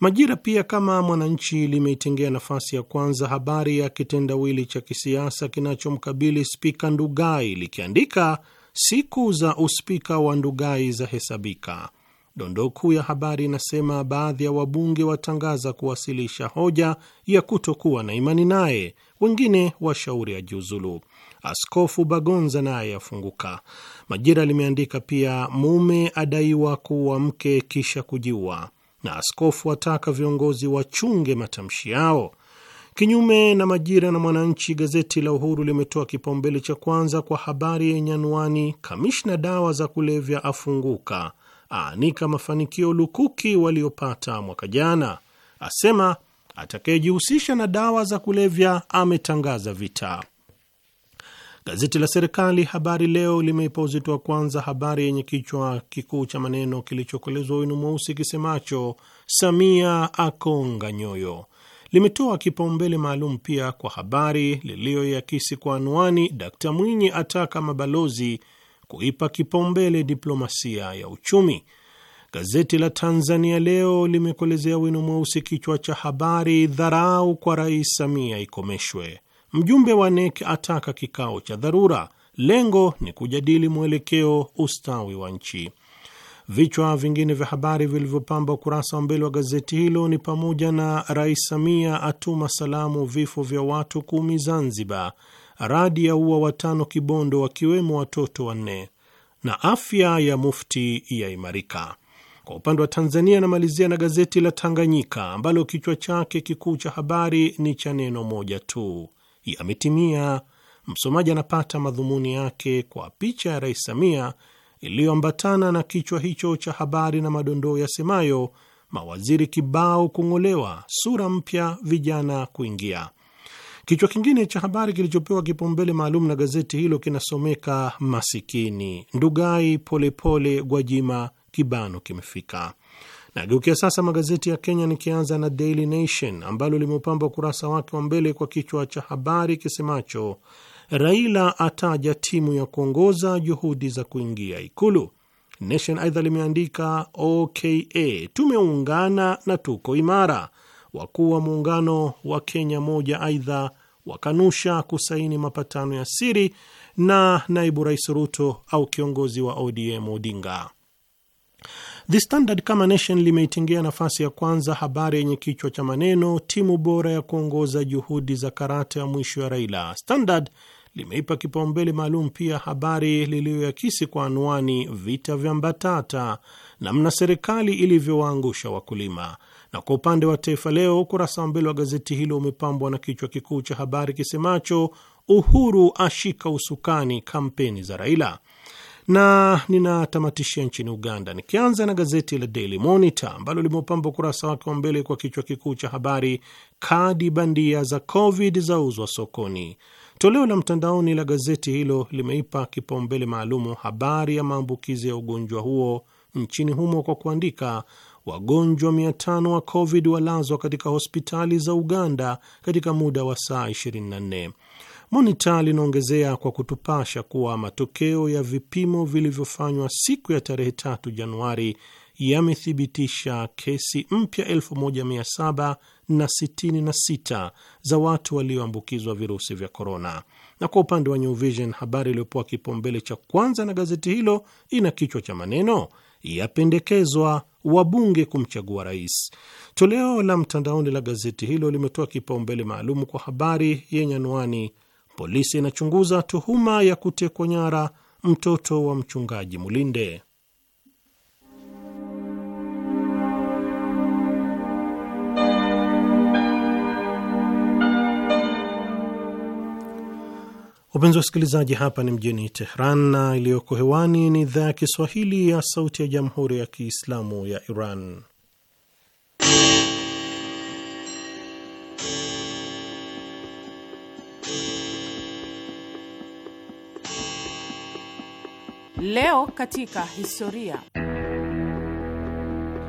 Majira pia kama Mwananchi limeitengea nafasi ya kwanza habari ya kitendawili cha kisiasa kinachomkabili spika Ndugai likiandika siku za uspika wa Ndugai za hesabika. Dondoo kuu ya habari inasema baadhi ya wabunge watangaza kuwasilisha hoja ya kutokuwa na imani naye wengine washauri ajiuzulu. Askofu Bagonza naye afunguka. Majira limeandika pia, mume adaiwa kuwa mke kisha kujiua, na askofu ataka viongozi wachunge matamshi yao. Kinyume na Majira na Mwananchi, gazeti la Uhuru limetoa kipaumbele cha kwanza kwa habari yenye anwani, kamishna dawa za kulevya afunguka, aanika mafanikio lukuki waliopata mwaka jana, asema atakayejihusisha na dawa za kulevya ametangaza vita. Gazeti la serikali Habari Leo limeipa uzito wa kwanza habari yenye kichwa kikuu cha maneno kilichokolezwa wino mweusi kisemacho Samia akonga nyoyo. Limetoa kipaumbele maalum pia kwa habari liliyoiakisi kwa anwani, Dkt Mwinyi ataka mabalozi kuipa kipaumbele diplomasia ya uchumi. Gazeti la Tanzania Leo limekuelezea wino mweusi kichwa cha habari, dharau kwa Rais Samia ikomeshwe. Mjumbe wa NEC ataka kikao cha dharura, lengo ni kujadili mwelekeo ustawi wa nchi. Vichwa vingine vya habari vilivyopamba ukurasa wa mbele wa gazeti hilo ni pamoja na Rais Samia atuma salamu vifo vya watu kumi Zanzibar, radi ya ua watano Kibondo wakiwemo watoto wanne, na afya ya Mufti yaimarika. Kwa upande wa Tanzania, anamalizia na gazeti la Tanganyika ambalo kichwa chake kikuu cha habari ni cha neno moja tu, yametimia. Msomaji anapata madhumuni yake kwa picha ya Rais Samia iliyoambatana na kichwa hicho cha habari na madondoo yasemayo mawaziri kibao kung'olewa, sura mpya vijana kuingia. Kichwa kingine cha habari kilichopewa kipaumbele maalum na gazeti hilo kinasomeka masikini, Ndugai, Polepole, Gwajima kibano kimefika. Nageukia sasa magazeti ya Kenya, nikianza na Daily Nation ambalo limeupamba ukurasa wake wa mbele kwa kichwa cha habari kisemacho Raila ataja timu ya kuongoza juhudi za kuingia Ikulu. Nation aidha limeandika OKA tumeungana na tuko imara. Wakuu wa muungano wa Kenya moja aidha wakanusha kusaini mapatano ya siri na naibu rais Ruto au kiongozi wa ODM Odinga. The Standard kama Nation limeitengea nafasi ya kwanza habari yenye kichwa cha maneno timu bora ya kuongoza juhudi za karata ya mwisho ya Raila. Standard limeipa kipaumbele maalum pia habari liliyoyakisi kwa anwani vita vya mbatata, namna serikali ilivyowaangusha wakulima. Na kwa upande wa Taifa Leo, ukurasa wa mbele wa gazeti hilo umepambwa na kichwa kikuu cha habari kisemacho Uhuru ashika usukani kampeni za Raila na ninatamatishia nchini Uganda, nikianza na gazeti la Daily Monitor ambalo limeupamba ukurasa wake wa mbele kwa kichwa kikuu cha habari, kadi bandia za Covid zauzwa sokoni. Toleo la mtandaoni la gazeti hilo limeipa kipaumbele maalumu habari ya maambukizi ya ugonjwa huo nchini humo kwa kuandika wagonjwa 5 wa Covid walazwa katika hospitali za Uganda katika muda wa saa 24. Monita linaongezea kwa kutupasha kuwa matokeo ya vipimo vilivyofanywa siku ya tarehe tatu Januari yamethibitisha kesi mpya 1766 za watu walioambukizwa virusi vya korona. Na kwa upande wa New Vision, habari iliyopewa kipaumbele cha kwanza na gazeti hilo ina kichwa cha maneno yapendekezwa wabunge kumchagua rais. Toleo la mtandaoni la gazeti hilo limetoa kipaumbele maalum kwa habari yenye anwani polisi inachunguza tuhuma ya kutekwa nyara mtoto wa mchungaji Mulinde. Wapenzi wasikilizaji, hapa ni mjini Tehran na iliyoko hewani ni idhaa ya Kiswahili ya Sauti ya Jamhuri ya Kiislamu ya Iran. Leo katika historia.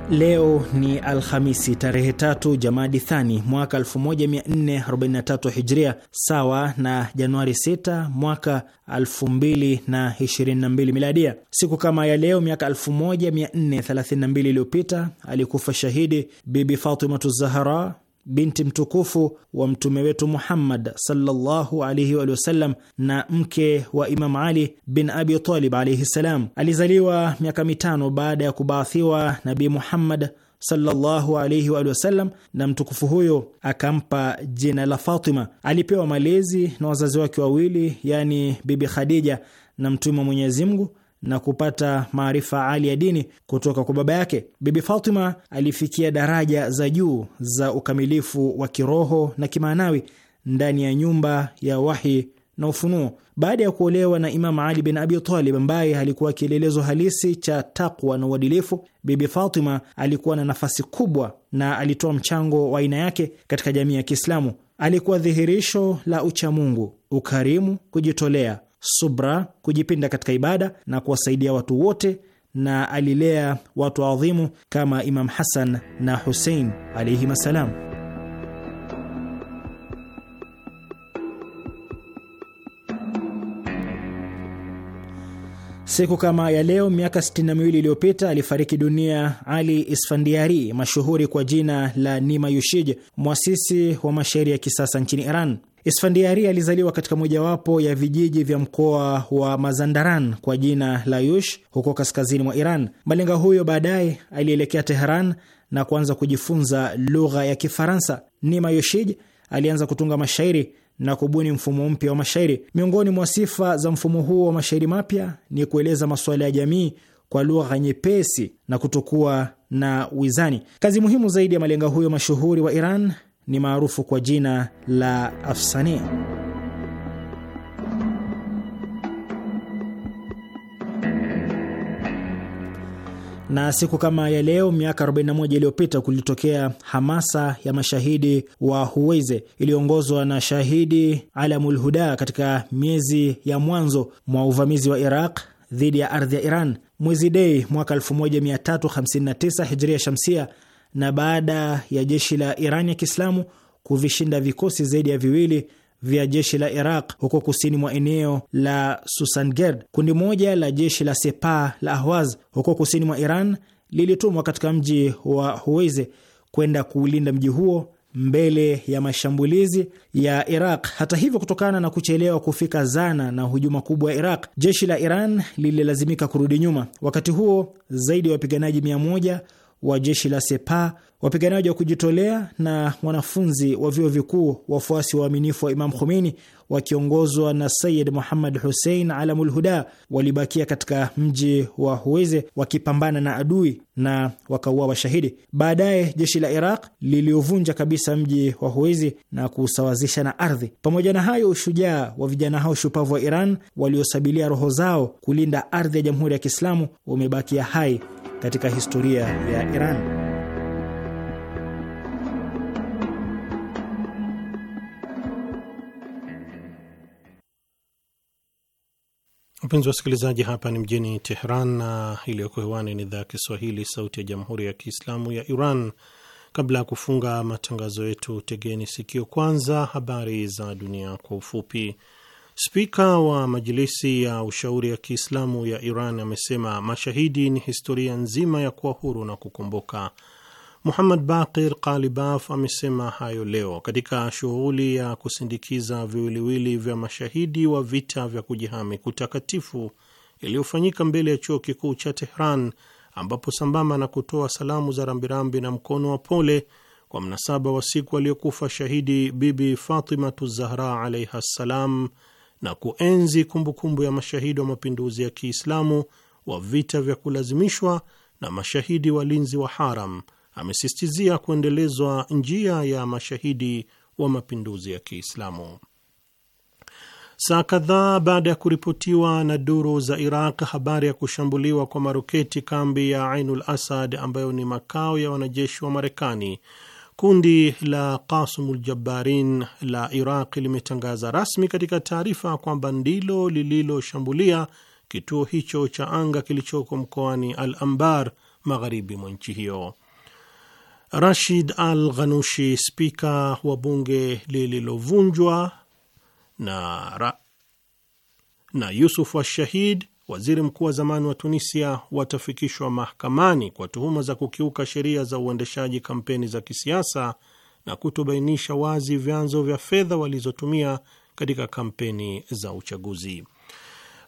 Leo ni Alhamisi tarehe tatu Jamadi Thani mwaka 1443 Hijria, sawa na Januari 6 mwaka 2022 Miladia. Siku kama ya leo miaka 1432 iliyopita alikufa shahidi Bibi Fatimatu Zahara binti mtukufu wa mtume wetu Muhammad sallallahu alaihi wa sallam na mke wa Imam Ali bin Abi Talib alaihi salam. Alizaliwa miaka mitano baada ya kubaathiwa nabi Muhammad sallallahu alaihi wa sallam, na mtukufu huyo akampa jina la Fatima. Alipewa malezi na wazazi wake wawili, yani Bibi Khadija na Mtume wa Mwenyezi Mungu na kupata maarifa ali ya dini kutoka kwa baba yake. Bibi Fatima alifikia daraja za juu za ukamilifu wa kiroho na kimaanawi ndani ya nyumba ya wahi na ufunuo. Baada ya kuolewa na Imamu Ali bin Abi Talib, ambaye alikuwa kielelezo halisi cha takwa na uadilifu, Bibi Fatima alikuwa na nafasi kubwa na alitoa mchango wa aina yake katika jamii ya Kiislamu. Alikuwa dhihirisho la uchamungu, ukarimu, kujitolea subra, kujipinda katika ibada na kuwasaidia watu wote, na alilea watu adhimu kama Imam Hasan na Husein alaihim assalam. Siku kama ya leo miaka 62 iliyopita alifariki dunia Ali Isfandiari, mashuhuri kwa jina la Nima Yushij, mwasisi wa mashairi ya kisasa nchini Iran. Isfandiari alizaliwa katika mojawapo ya vijiji vya mkoa wa Mazandaran kwa jina la Yush huko kaskazini mwa Iran. Malenga huyo baadaye alielekea Teheran na kuanza kujifunza lugha ya Kifaransa. Nima Yoshij alianza kutunga mashairi na kubuni mfumo mpya wa mashairi. Miongoni mwa sifa za mfumo huo wa mashairi mapya ni kueleza masuala ya jamii kwa lugha nyepesi na kutokuwa na wizani. Kazi muhimu zaidi ya malenga huyo mashuhuri wa Iran ni maarufu kwa jina la Afsania. Na siku kama ya leo miaka 41 iliyopita kulitokea hamasa ya mashahidi wa huweze iliyoongozwa na shahidi Alamul Huda katika miezi ya mwanzo mwa uvamizi wa Iraq dhidi ya ardhi ya Iran. Mwezi Dei mwaka 1359 Hijria Shamsia na baada ya jeshi la Iran ya Kiislamu kuvishinda vikosi zaidi ya viwili vya jeshi la Iraq huko kusini mwa eneo la Susangerd. Kundi moja la jeshi la Sepa la Ahwaz huko kusini mwa Iran lilitumwa katika mji wa Huweze kwenda kuulinda mji huo mbele ya mashambulizi ya Iraq. Hata hivyo, kutokana na kuchelewa kufika zana na hujuma kubwa ya Iraq, jeshi la Iran lililazimika kurudi nyuma. Wakati huo zaidi ya wapiganaji mia moja wa jeshi la Sepa, wapiganaji wa kujitolea na wanafunzi wa vyuo vikuu, wafuasi waaminifu wa Imam Khomeini wakiongozwa na Sayid Muhammad Hussein Alamul Huda walibakia katika mji wa Huweze wakipambana na adui na wakaua washahidi. Baadaye jeshi la Iraq liliovunja kabisa mji wa Huwezi na kuusawazisha na ardhi. Pamoja na hayo, ushujaa wa vijana hao shupavu wa Iran waliosabilia roho zao kulinda ardhi ya Jamhuri ya Kiislamu umebakia hai katika historia ya Iran. wa wasikilizaji, hapa ni mjini Teheran na iliyoko hewani ni idhaa ya Kiswahili, sauti ya jamhuri ya kiislamu ya Iran. Kabla ya kufunga matangazo yetu, tegeni sikio kwanza habari za dunia kwa ufupi. Spika wa Majilisi ya Ushauri ya Kiislamu ya Iran amesema mashahidi ni historia nzima ya kuwa huru na kukumbuka. Muhammad Baqir Qalibaf amesema hayo leo katika shughuli ya kusindikiza viwiliwili vya mashahidi wa vita vya kujihami kutakatifu iliyofanyika mbele ya chuo kikuu cha Tehran, ambapo sambamba na kutoa salamu za rambirambi na mkono wa pole kwa mnasaba wa siku aliyokufa shahidi Bibi Fatimatu Zahra alaiha ssalam na kuenzi kumbukumbu ya mashahidi wa mapinduzi ya Kiislamu wa vita vya kulazimishwa na mashahidi walinzi wa haram, amesistizia kuendelezwa njia ya mashahidi wa mapinduzi ya Kiislamu. Saa kadhaa baada ya kuripotiwa na duru za Iraq habari ya kushambuliwa kwa maroketi kambi ya Ainul Asad ambayo ni makao ya wanajeshi wa Marekani, Kundi la Qasimul Jabbarin la Iraq limetangaza rasmi katika taarifa kwamba ndilo lililoshambulia kituo hicho cha anga kilichoko mkoani Al ambar magharibi mwa nchi hiyo. Rashid Al Ghanushi, spika wa bunge lililovunjwa na, na Yusuf Washahid, waziri mkuu wa zamani wa Tunisia watafikishwa mahakamani kwa tuhuma za kukiuka sheria za uendeshaji kampeni za kisiasa na kutobainisha wazi vyanzo vya fedha walizotumia katika kampeni za uchaguzi.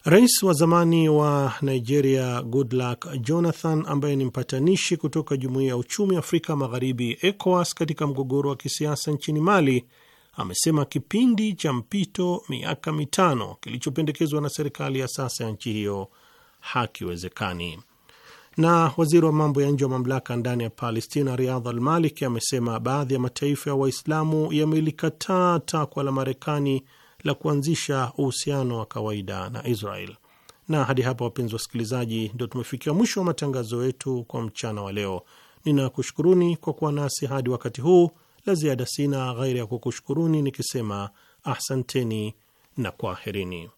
Rais wa zamani wa Nigeria Goodluck Jonathan, ambaye ni mpatanishi kutoka jumuiya ya uchumi Afrika Magharibi, ECOWAS, katika mgogoro wa kisiasa nchini Mali amesema kipindi cha mpito miaka mitano kilichopendekezwa na serikali ya sasa ya nchi hiyo hakiwezekani. Na waziri wa mambo ya nje wa mamlaka ndani ya Palestina Riyadh al-Maliki amesema baadhi ya mataifa ya Waislamu yamelikataa takwa la Marekani la kuanzisha uhusiano wa kawaida na Israel. Na hadi hapa, wapenzi wasikilizaji, ndio tumefikia mwisho wa matangazo yetu kwa mchana wa leo. Ninakushukuruni kwa kuwa nasi hadi wakati huu la ziada sina ghairi ya kukushukuruni nikisema ahsanteni na kwaherini.